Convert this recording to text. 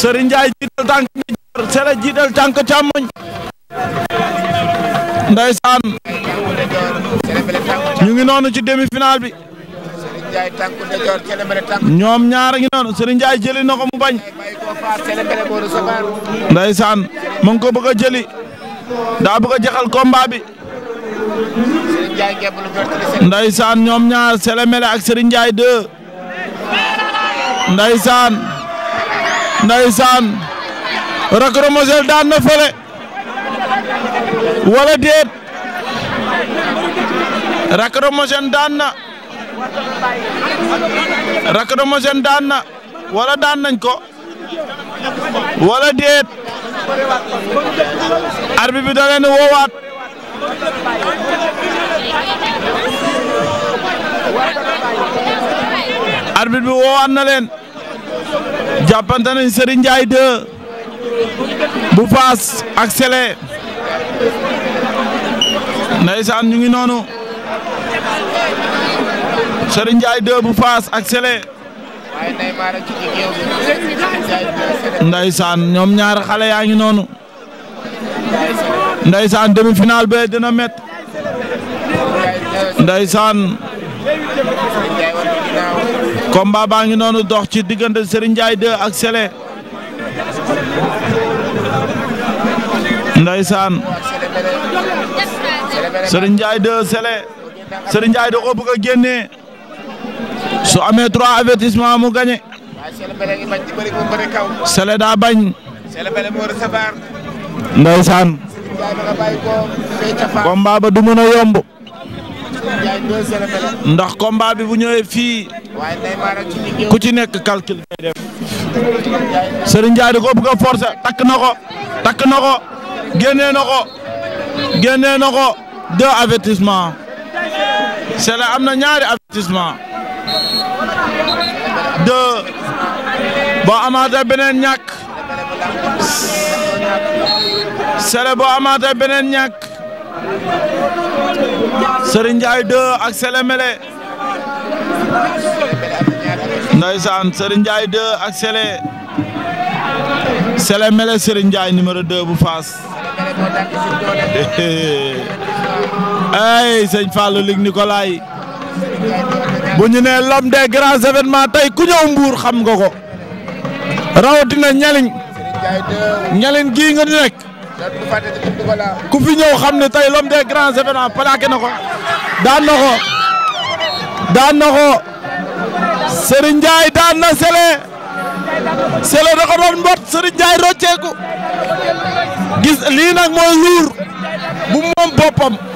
Serigne Ndiaye jiital tànk ndijoor Sele jiital ñu ngi noonu ci demi-finale bi ñoom ñaar ngi noonu Serigne Ndiaye jëli na mu bañ ndeysaan mu ngi ko bëgg a jëli daa bëgg a jaxal combat bi ndeysaan ñoom ñaar Sele Mele ak Serigne Ndiaye deux ndeysaan ndeysaan Lac Ramassène daan na fële wala déet Lac Ramassène daan na Lac Ramassène daan na wala daan nañ ko wala déet arbitre bi da leen woowaat arbitre bi woowaat jàppante nañ Serigne Ndiaye 2 bu faas ak Sélé ndeysaan ñu ngi noonu Serigne Ndiaye 2 bu faas ak Sélé ndeysaan ñoom ñaar xale yaa ngi noonu ndeysaan demi-finale be dina met ndeysaan combat baa ngi noonu dox ci diggante Serigne Ndiaye 2 ak Sélé Ndeysaan Serigne Ndiaye 2 Sélé Serigne Ndiaye 2 ko bëgg amee trois avertissement mu gagné Sélé daa bañ Ndeysaan combat ba du mën yomb ndax combat bi bu ñëwee fii ku ci nekk calcul ngay def Serigne Ndiaye ko bëgg a takk na ko takk na ko génnee na ko génnee na ko avertissement c'est am na ñaari avertissement deux boo amaatee beneen ñàkk c'est là boo amaatee beneen ñàkk Serigne Ndiaye deux ak Sele Mele Ndeysaan Serigne Ndiaye 2 ak Sele Sele mele Serigne Ndiaye numéro 2 bu Faas. ay sëñ Fallou Luc Nicolaï bu ñu nee l'homme des grands événements tey ku ñëw Mbour xam nga ko rawatina ñaliñ ñaliñ gii nga di nekk ku fi ñëw xam ne tey l'homme des grands événements plaqué na ko daan na ko daan ko Serigne Ndiaye daan na Sélé Sélé da ko mbot Serigne Ndiaye rocceeku gis lii nag mooy luur bu moom boppam.